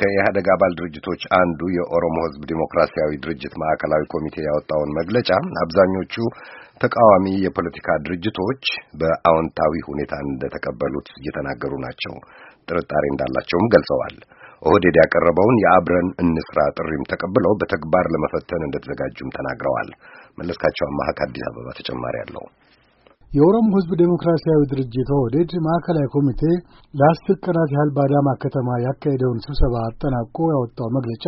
ከኢህአደግ አባል ድርጅቶች አንዱ የኦሮሞ ሕዝብ ዲሞክራሲያዊ ድርጅት ማዕከላዊ ኮሚቴ ያወጣውን መግለጫ አብዛኞቹ ተቃዋሚ የፖለቲካ ድርጅቶች በአዎንታዊ ሁኔታ እንደተቀበሉት እየተናገሩ ናቸው። ጥርጣሬ እንዳላቸውም ገልጸዋል። ኦህዴድ ያቀረበውን የአብረን እንስራ ጥሪም ተቀብለው በተግባር ለመፈተን እንደተዘጋጁም ተናግረዋል። መለስካቸው አማሃ ከአዲስ አበባ ተጨማሪ አለው። የኦሮሞ ሕዝብ ዴሞክራሲያዊ ድርጅት ኦህዴድ ማዕከላዊ ኮሚቴ ለአስር ቀናት ያህል በአዳማ ከተማ ያካሄደውን ስብሰባ አጠናቆ ያወጣው መግለጫ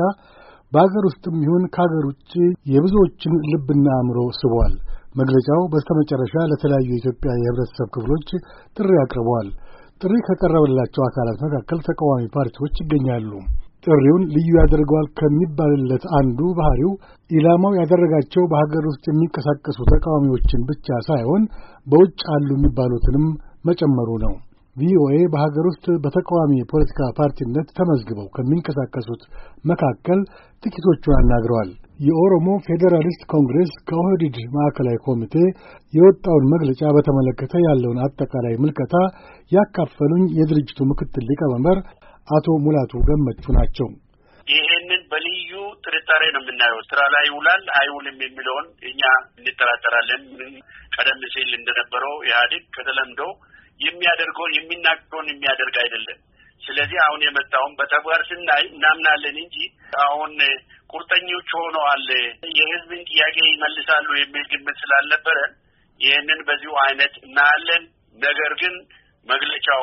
በአገር ውስጥም ይሁን ከአገር ውጭ የብዙዎችን ልብና አእምሮ ስቧል። መግለጫው በስተመጨረሻ ለተለያዩ የኢትዮጵያ የህብረተሰብ ክፍሎች ጥሪ አቅርበዋል። ጥሪ ከቀረበላቸው አካላት መካከል ተቃዋሚ ፓርቲዎች ይገኛሉ። ጥሪውን ልዩ ያደርገዋል ከሚባልለት አንዱ ባህሪው ኢላማው ያደረጋቸው በሀገር ውስጥ የሚንቀሳቀሱ ተቃዋሚዎችን ብቻ ሳይሆን በውጭ አሉ የሚባሉትንም መጨመሩ ነው። ቪኦኤ በሀገር ውስጥ በተቃዋሚ የፖለቲካ ፓርቲነት ተመዝግበው ከሚንቀሳቀሱት መካከል ጥቂቶቹን አናግረዋል። የኦሮሞ ፌዴራሊስት ኮንግሬስ ከኦህዲድ ማዕከላዊ ኮሚቴ የወጣውን መግለጫ በተመለከተ ያለውን አጠቃላይ ምልከታ ያካፈሉኝ የድርጅቱ ምክትል ሊቀመንበር አቶ ሙላቱ ገመቹ ናቸው። ይሄንን በልዩ ጥርጣሬ ነው የምናየው። ስራ ላይ ይውላል አይውልም የሚለውን እኛ እንጠራጠራለን። ቀደም ሲል እንደነበረው ኢህአዴግ ከተለምዶ የሚያደርገውን የሚናገረውን የሚያደርግ አይደለም። ስለዚህ አሁን የመጣውን በተግባር ስናይ እናምናለን እንጂ አሁን ቁርጠኞች ሆነዋል፣ የህዝብን ጥያቄ ይመልሳሉ የሚል ግምት ስላልነበረን ይህንን በዚሁ አይነት እናያለን። ነገር ግን መግለጫው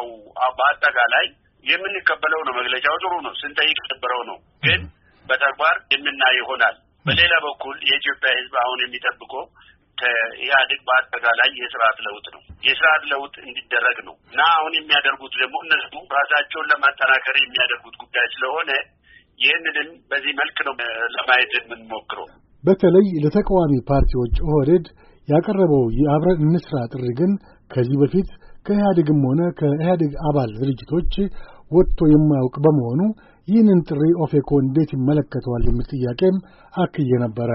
በአጠቃላይ የምንቀበለው ነው። መግለጫው ጥሩ ነው፣ ስንጠይቅ የነበረው ነው፣ ግን በተግባር የምናይ ይሆናል። በሌላ በኩል የኢትዮጵያ ሕዝብ አሁን የሚጠብቀው ከኢህአዴግ በአጠቃላይ የስርዓት ለውጥ ነው። የስርዓት ለውጥ እንዲደረግ ነው እና አሁን የሚያደርጉት ደግሞ እነሱ ራሳቸውን ለማጠናከር የሚያደርጉት ጉዳይ ስለሆነ ይህንንም በዚህ መልክ ነው ለማየት የምንሞክረው። በተለይ ለተቃዋሚ ፓርቲዎች ኦህዴድ ያቀረበው የአብረን እንስራ ጥሪ ግን ከዚህ በፊት ከኢህአዴግም ሆነ ከኢህአዴግ አባል ድርጅቶች ወጥቶ የማያውቅ በመሆኑ ይህንን ጥሪ ኦፌኮ እንዴት ይመለከተዋል የሚል ጥያቄም አክዬ ነበረ።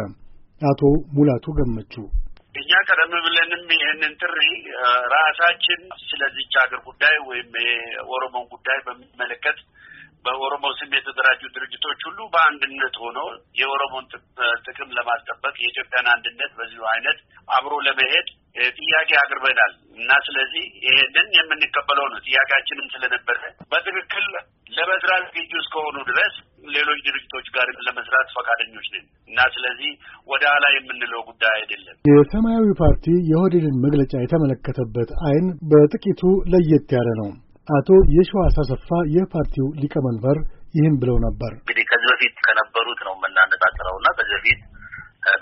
አቶ ሙላቱ ገመቹ እኛ ቀደም ብለንም ይህንን ጥሪ ራሳችን ስለዚች ሀገር ጉዳይ ወይም የኦሮሞን ጉዳይ በሚመለከት በኦሮሞ ስም የተደራጁ ድርጅቶች ሁሉ በአንድነት ሆኖ የኦሮሞን ጥቅም ለማስጠበቅ የኢትዮጵያን አንድነት በዚሁ አይነት አብሮ ለመሄድ ጥያቄ አቅርበናል እና ስለዚህ ይሄንን የምንቀበለው ነው። ጥያቄያችንም ስለነበረ በትክክል ለመስራት ዝግጁ እስከሆኑ ድረስ ሌሎች ድርጅቶች ጋር ለመስራት ፈቃደኞች ነን እና ስለዚህ ወደ ኋላ የምንለው ጉዳይ አይደለም። የሰማያዊ ፓርቲ የኦህዴድን መግለጫ የተመለከተበት አይን በጥቂቱ ለየት ያለ ነው። አቶ የሸዋስ አሰፋ የፓርቲው ሊቀመንበር ይህን ብለው ነበር። እንግዲህ ከዚህ በፊት ከነበሩት ነው የምናነጻጽረው እና ከዚህ በፊት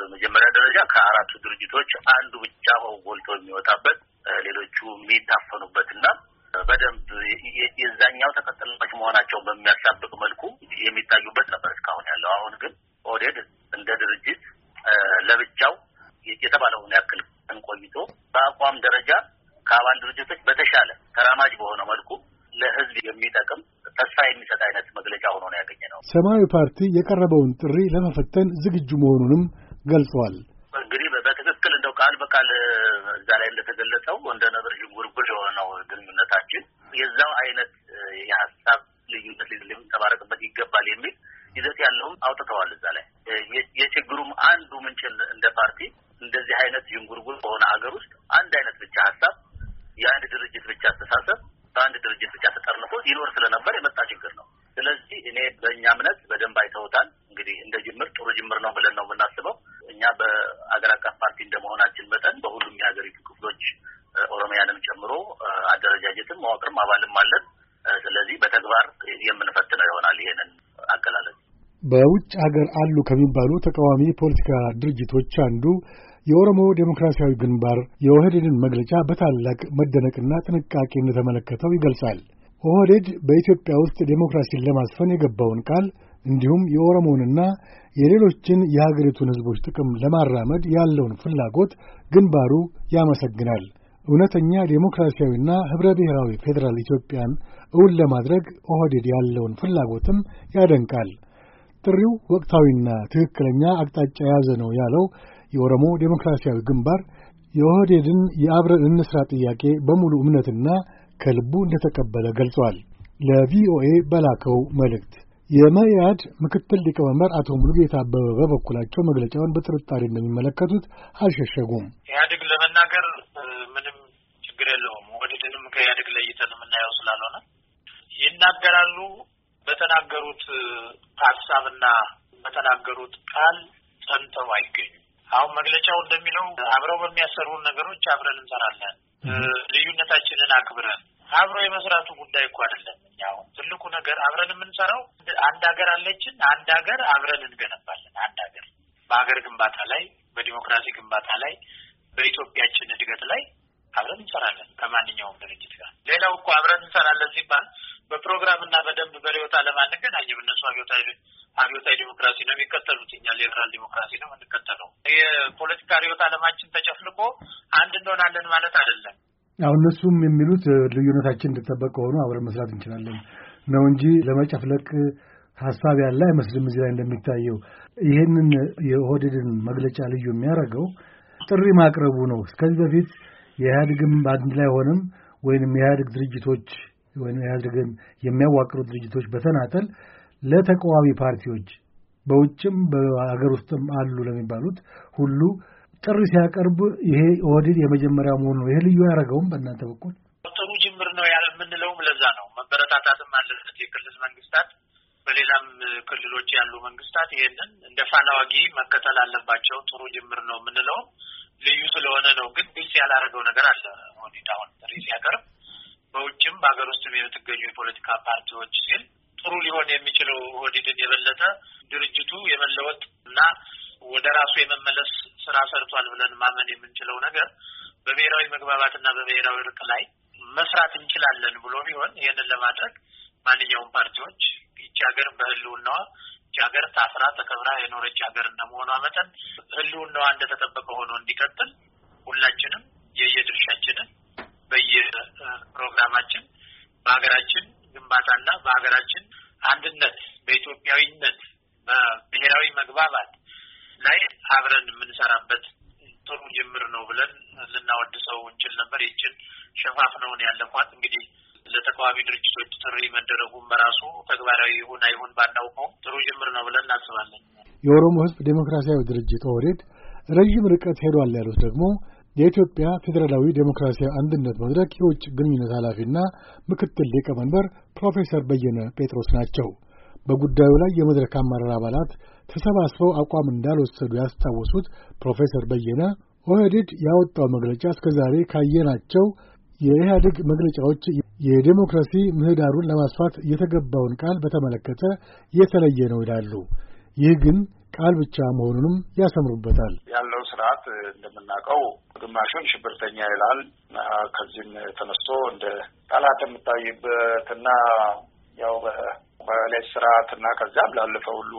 በመጀመሪያ ደረጃ ከአራቱ ድርጅቶች አንዱ ብቻ ጎልቶ የሚወጣበት ሌሎቹ የሚታፈኑበትና በደንብ የዛኛው ተቀጥላች መሆናቸው በሚያሳብቅ መልኩ የሚታዩበት ነበር እስካሁን ያለው። አሁን ግን ኦህዴድ እንደ ድርጅት ለብቻው የተባለውን ያክል እንቆይቶ በአቋም ደረጃ ከአባል ድርጅቶች በተሻለ ተራማጅ በሆነ መልኩ ለህዝብ የሚጠቅም ተስፋ የሚሰጥ አይነት መግለጫ ሆኖ ነው ያገኘ ነው። ሰማያዊ ፓርቲ የቀረበውን ጥሪ ለመፈተን ዝግጁ መሆኑንም ገልጸዋል። እንግዲህ በትክክል እንደው ቃል በቃል እዛ ላይ እንደተገለጸው እንደ ነብር ዥንጉርጉር የሆነው ግንኙነታችን የዛው አይነት የሀሳብ ልዩነት ሊንጸባረቅበት ይገባል የሚል ይዘት ያለውም አውጥተዋል። እዛ ላይ የችግሩም አንዱ ምንጭ እንደ ፓርቲ እንደዚህ አይነት ዥንጉርጉር በሆነ ሀገር ውስጥ አንድ አይነት ብቻ ሀሳብ የአንድ ድርጅት ብቻ አስተሳሰብ በአንድ ድርጅት ብቻ ተጠርንፎ ይኖር ስለነበር መዋቅርም አባልም አለን። ስለዚህ በተግባር የምንፈትነው ይሆናል። ይሄንን አገላለጽ በውጭ ሀገር አሉ ከሚባሉ ተቃዋሚ ፖለቲካ ድርጅቶች አንዱ የኦሮሞ ዴሞክራሲያዊ ግንባር የኦህዴድን መግለጫ በታላቅ መደነቅና ጥንቃቄ እንደተመለከተው ይገልጻል። ኦህዴድ በኢትዮጵያ ውስጥ ዴሞክራሲን ለማስፈን የገባውን ቃል እንዲሁም የኦሮሞንና የሌሎችን የሀገሪቱን ሕዝቦች ጥቅም ለማራመድ ያለውን ፍላጎት ግንባሩ ያመሰግናል። እውነተኛ ዴሞክራሲያዊና ኅብረ ብሔራዊ ፌዴራል ኢትዮጵያን እውን ለማድረግ ኦህዴድ ያለውን ፍላጎትም ያደንቃል። ጥሪው ወቅታዊና ትክክለኛ አቅጣጫ የያዘ ነው ያለው የኦሮሞ ዴሞክራሲያዊ ግንባር የኦህዴድን የአብረን እንስራ ጥያቄ በሙሉ እምነትና ከልቡ እንደተቀበለ ገልጿል። ለቪኦኤ በላከው መልእክት የመኢአድ ምክትል ሊቀመንበር አቶ ሙሉጌታ አበበ በበኩላቸው መግለጫውን በጥርጣሬ እንደሚመለከቱት አልሸሸጉም። ኢህአዴግ ለመናገር ችግር የለውም። ወደድንም ከኢህአዴግ ለይተን የምናየው ስላልሆነ ይናገራሉ። በተናገሩት ሀሳብና በተናገሩት ቃል ጸንተው አይገኙም። አሁን መግለጫው እንደሚለው አብረው በሚያሰሩን ነገሮች አብረን እንሰራለን፣ ልዩነታችንን አክብረን አብረው የመስራቱ ጉዳይ እኮ አይደለም። ያው ትልቁ ነገር አብረን የምንሰራው አንድ ሀገር አለችን፣ አንድ ሀገር አብረን እንገነባለን። አንድ ሀገር በሀገር ግንባታ ላይ፣ በዲሞክራሲ ግንባታ ላይ፣ በኢትዮጵያችን እድገት ላይ አብረን እንሰራለን ከማንኛውም ድርጅት ጋር። ሌላው እኮ አብረን እንሰራለን ሲባል በፕሮግራም እና በደንብ በሪዮታ ለማንገናኝም እነሱ አብዮታዊ ዲሞክራሲ ነው የሚከተሉት፣ እኛ ሊበራል ዲሞክራሲ ነው የምንከተለው። የፖለቲካ ሪዮት አለማችን ተጨፍልቆ አንድ እንሆናለን ማለት አይደለም። አሁ እነሱም የሚሉት ልዩነታችን እንደተጠበቀ ሆኖ አብረን መስራት እንችላለን ነው እንጂ ለመጨፍለቅ ሀሳብ ያለ አይመስልም። እዚህ ላይ እንደሚታየው ይህንን የኦህዴድን መግለጫ ልዩ የሚያደርገው ጥሪ ማቅረቡ ነው። እስከዚህ በፊት የኢህአዴግም በአንድ ላይ ሆነም ወይንም የኢህአዴግ ድርጅቶች ወይም ኢህአዴግን የሚያዋቅሩ ድርጅቶች በተናጠል ለተቃዋሚ ፓርቲዎች በውጭም በሀገር ውስጥም አሉ ለሚባሉት ሁሉ ጥሪ ሲያቀርብ ይሄ ኦህዴድ የመጀመሪያ መሆኑ ነው። ይሄ ልዩ ያደረገውም በእናንተ በኩል ጥሩ ጅምር ነው ያለ የምንለውም ለዛ ነው። መበረታታትም አለበት። የክልል መንግስታት፣ በሌላም ክልሎች ያሉ መንግስታት ይህንን እንደ ፋናዋጊ መከተል አለባቸው። ጥሩ ጅምር ነው የምንለውም ልዩ ስለሆነ ነው። ግን ግልጽ ያላደረገው ነገር አለ። ኦህዴድ አሁን ጥሪ ሲያቀርብ በውጭም በሀገር ውስጥም የምትገኙ የፖለቲካ ፓርቲዎች ሲል ጥሩ ሊሆን የሚችለው ኦህዴድን የበለጠ ድርጅቱ የመለወጥ እና ወደ ራሱ የመመለስ ስራ ሰርቷል ብለን ማመን የምንችለው ነገር በብሔራዊ መግባባትና በብሔራዊ እርቅ ላይ መስራት እንችላለን ብሎ ቢሆን ይህንን ለማድረግ ማንኛውም ፓርቲዎች ይቺ ሀገር በህልውናዋ ሀገር ታስራ ተከብራ የኖረች ሀገር እንደመሆኗ መጠን ህልውናዋ እንደተጠበቀ ሆኖ እንዲቀጥል ሁላችንም የየድርሻችንን በየፕሮግራማችን በሀገራችን ግንባታና በሀገራችን አንድነት በኢትዮጵያዊነት በብሔራዊ መግባባት ላይ አብረን የምንሰራበት ጥሩ ጅምር ነው ብለን ልናወድሰው እንችል ነበር። ይችን ሸፋፍነውን ያለፏት እንግዲህ ለተቃዋሚ ድርጅቶች ጥሪ መደረጉም በራሱ ተግባራዊ ይሁን አይሁን ባናውቀውም ጥሩ ጅምር ነው ብለን እናስባለን። የኦሮሞ ሕዝብ ዴሞክራሲያዊ ድርጅት ኦህዴድ ረዥም ርቀት ሄዷል ያሉት ደግሞ የኢትዮጵያ ፌዴራላዊ ዴሞክራሲያዊ አንድነት መድረክ የውጭ ግንኙነት ኃላፊና ምክትል ሊቀመንበር ፕሮፌሰር በየነ ጴጥሮስ ናቸው። በጉዳዩ ላይ የመድረክ አመራር አባላት ተሰባስበው አቋም እንዳልወሰዱ ያስታወሱት ፕሮፌሰር በየነ ኦህዴድ ያወጣው መግለጫ እስከዛሬ ካየናቸው የኢህአዴግ መግለጫዎች የዴሞክራሲ ምህዳሩን ለማስፋት የተገባውን ቃል በተመለከተ የተለየ ነው ይላሉ። ይህ ግን ቃል ብቻ መሆኑንም ያሰምሩበታል። ያለው ስርዓት እንደምናውቀው ግማሹን ሽብርተኛ ይላል። ከዚህም ተነስቶ እንደ ጠላት የምታይበትና ያው በሌት ስርዓት እና ከዚያም ላለፈ ሁሉ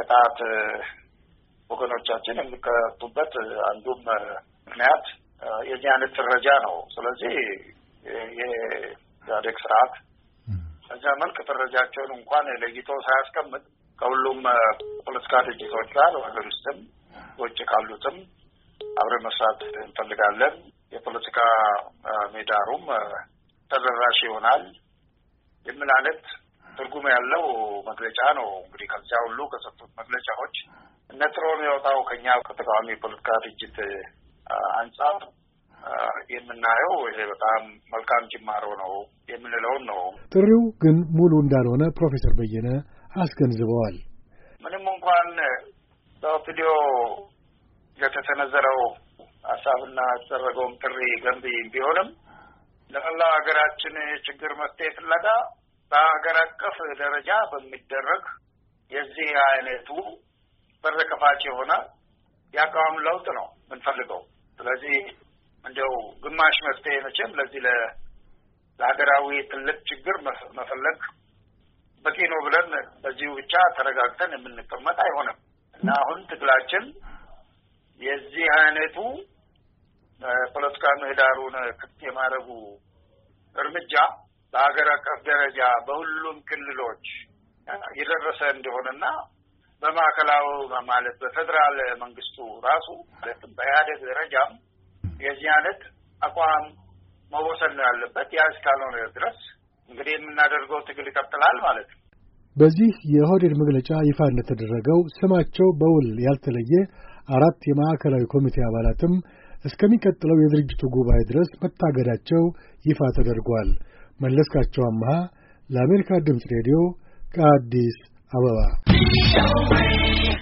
ቅጣት ወገኖቻችን የሚከቱበት አንዱም ምክንያት የዚህ አይነት ስረጃ ነው። ስለዚህ የኢህአዴግ ስርዓት በዛ መልክ ፈረጃቸውን እንኳን ለይቶ ሳያስቀምጥ ከሁሉም ፖለቲካ ድርጅቶች ጋር ሀገር ውስጥም ውጭ ካሉትም አብረ መስራት እንፈልጋለን። የፖለቲካ ሜዳሩም ተደራሽ ይሆናል የምን አይነት ትርጉም ያለው መግለጫ ነው። እንግዲህ ከዚያ ሁሉ ከሰጡት መግለጫዎች ነጥሮ የሚወጣው ከኛ ከተቃዋሚ ፖለቲካ ድርጅት አንጻር የምናየው ይሄ በጣም መልካም ጅማሮ ነው የምንለውን ነው። ጥሪው ግን ሙሉ እንዳልሆነ ፕሮፌሰር በየነ አስገንዝበዋል። ምንም እንኳን በኦፒዲዮ የተሰነዘረው ሀሳብና ያደረገውም ጥሪ ገንቢ ቢሆንም ለመላው ሀገራችን ችግር መፍትሄ ፍለጋ በሀገር አቀፍ ደረጃ በሚደረግ የዚህ አይነቱ በር ከፋች የሆነ የአቋም ለውጥ ነው የምንፈልገው። ስለዚህ እንዲያው ግማሽ መፍትሄ መቼም ለዚህ ለሀገራዊ ትልቅ ችግር መፈለግ በቂ ነው ብለን በዚሁ ብቻ ተረጋግተን የምንቀመጥ አይሆንም እና አሁን ትግላችን የዚህ አይነቱ ፖለቲካ ምህዳሩን ክፍት የማድረጉ እርምጃ በሀገር አቀፍ ደረጃ በሁሉም ክልሎች የደረሰ እንደሆነና በማዕከላዊ ማለት በፌዴራል መንግስቱ ራሱ ማለትም በኢህአዴግ ደረጃም የዚህ አይነት አቋም መወሰን ነው ያለበት። ያ እስካልሆነ ድረስ እንግዲህ የምናደርገው ትግል ይቀጥላል ማለት ነው። በዚህ የኦህዴድ መግለጫ ይፋ እንደተደረገው ስማቸው በውል ያልተለየ አራት የማዕከላዊ ኮሚቴ አባላትም እስከሚቀጥለው የድርጅቱ ጉባኤ ድረስ መታገዳቸው ይፋ ተደርጓል። መለስካቸው አመሃ ለአሜሪካ ድምፅ ሬዲዮ ከአዲስ አበባ